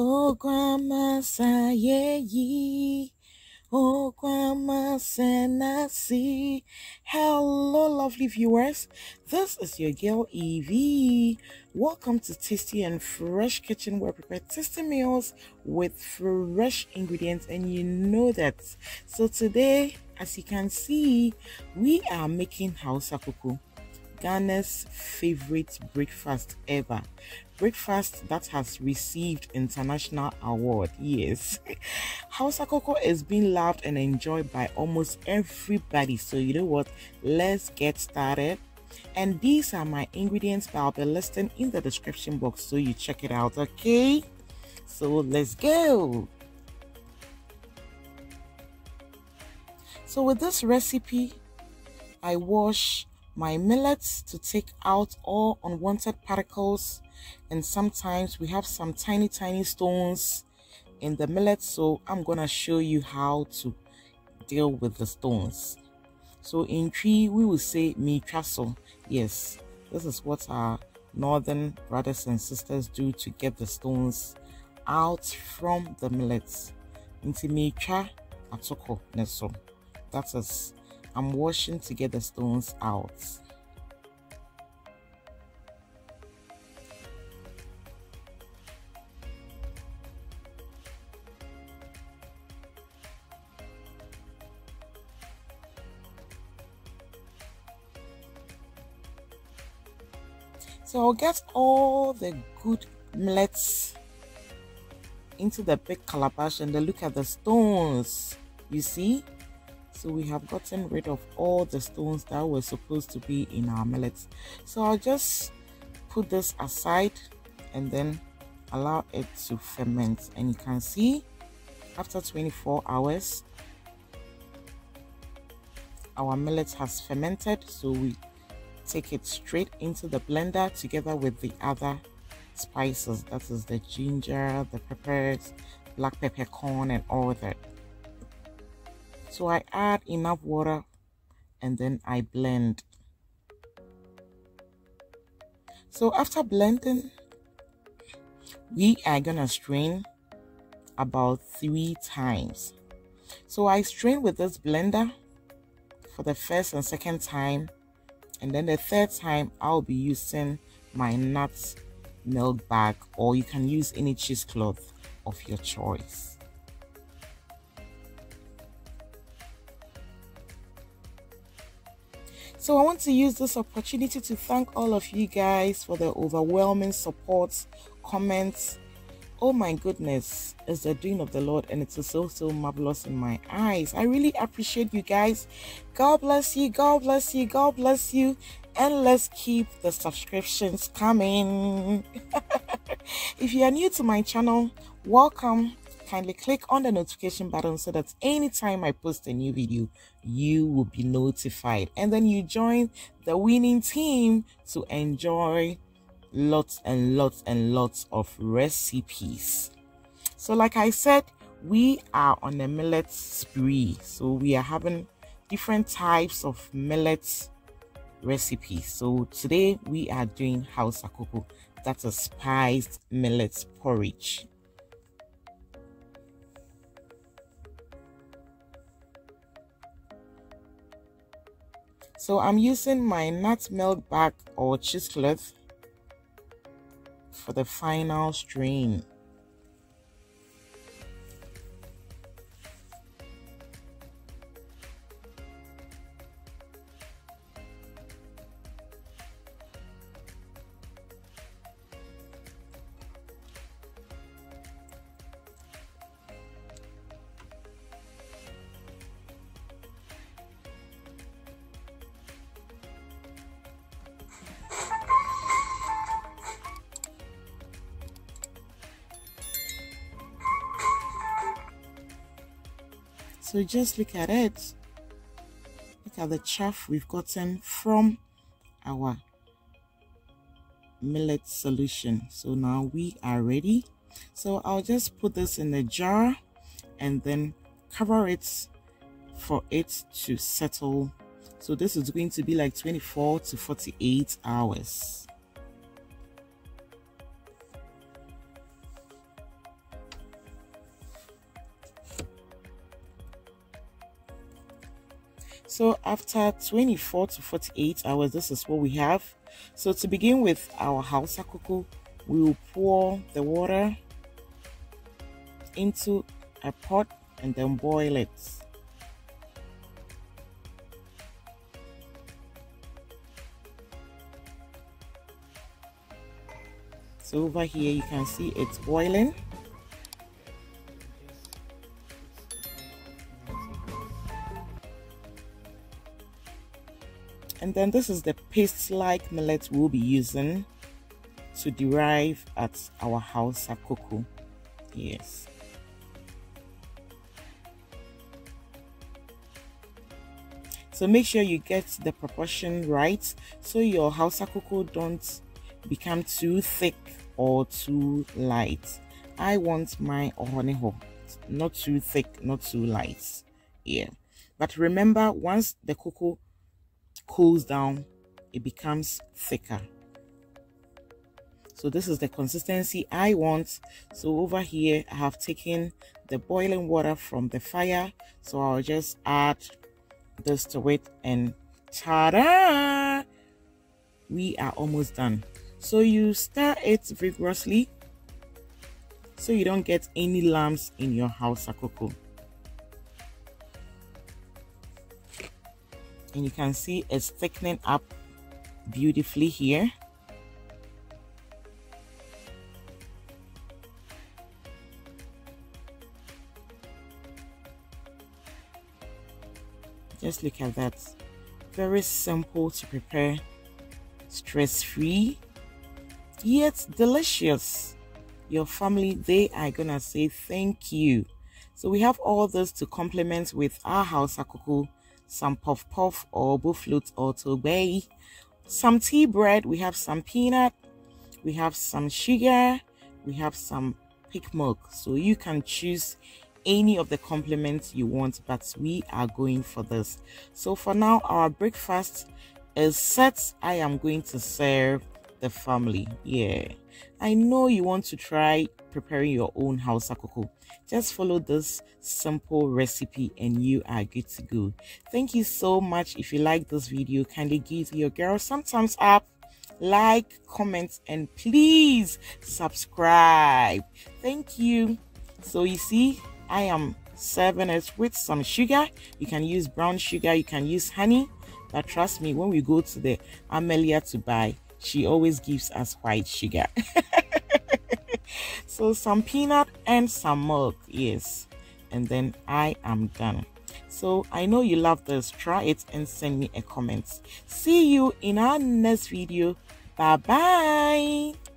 Oh, Grandma Saye, Oh, Grandma Senasi. Hello, lovely viewers. This is your girl Evie. Welcome to Tasty and Fresh Kitchen, where I prepare tasty meals with fresh ingredients, and you know that. So, today, as you can see, we are making Hausa Kuku. Ghana's favorite breakfast ever breakfast that has received international award. Yes. Hausa cocoa is being loved and enjoyed by almost everybody. So you know what? Let's get started. And these are my ingredients that I'll be listing in the description box so you check it out, okay? So let's go. So with this recipe, I wash my millets to take out all unwanted particles and sometimes we have some tiny tiny stones in the millet so i'm gonna show you how to deal with the stones so in tree we will say me trasso yes this is what our northern brothers and sisters do to get the stones out from the millets into me tra neso that is I'm washing to get the stones out. So I'll get all the good millets into the big calabash and then look at the stones. You see? so we have gotten rid of all the stones that were supposed to be in our millets so i'll just put this aside and then allow it to ferment and you can see after 24 hours our millet has fermented so we take it straight into the blender together with the other spices that is the ginger the peppers black peppercorn and all that so I add enough water and then I blend so after blending we are gonna strain about three times so I strain with this blender for the first and second time and then the third time I'll be using my nuts milk bag or you can use any cheesecloth of your choice So I want to use this opportunity to thank all of you guys for the overwhelming support, comments. Oh my goodness, it's the doing of the Lord and it's so, so marvelous in my eyes. I really appreciate you guys. God bless you, God bless you, God bless you. And let's keep the subscriptions coming. if you are new to my channel, welcome kindly click on the notification button so that anytime I post a new video, you will be notified. And then you join the winning team to enjoy lots and lots and lots of recipes. So like I said, we are on a millet spree. So we are having different types of millet recipes. So today we are doing house akoko. That's a spiced millet porridge. So I'm using my nut milk bag or cheesecloth for the final strain. So just look at it. Look at the chaff we've gotten from our millet solution. So now we are ready. So I'll just put this in a jar and then cover it for it to settle. So this is going to be like 24 to 48 hours. So after 24 to 48 hours, this is what we have. So to begin with our house akuku, we will pour the water into a pot and then boil it. So over here you can see it's boiling. and then this is the paste like millet we'll be using to derive at our house akoko yes so make sure you get the proportion right so your house cocoa don't become too thick or too light i want my ohoniho not too thick not too light yeah but remember once the cocoa cools down, it becomes thicker. So this is the consistency I want. So over here, I have taken the boiling water from the fire. So I'll just add this to it and ta-da! We are almost done. So you stir it vigorously so you don't get any lumps in your house, Sakoko. and you can see it's thickening up beautifully here just look at that very simple to prepare stress-free yet delicious your family they are gonna say thank you so we have all this to complement with our house akuku some puff puff or flutes or tobey, some tea bread, we have some peanut, we have some sugar, we have some pick milk. So you can choose any of the complements you want, but we are going for this. So for now, our breakfast is set. I am going to serve the family. Yeah. I know you want to try preparing your own house akoko. Just follow this simple recipe and you are good to go. Thank you so much. If you like this video, kindly give your girl some thumbs up, like, comment, and please subscribe. Thank you. So you see, I am serving it with some sugar. You can use brown sugar, you can use honey. But trust me, when we go to the Amelia to buy, she always gives us white sugar. so some peanut and some milk, yes. And then I am done. So I know you love this. Try it and send me a comment. See you in our next video. Bye-bye.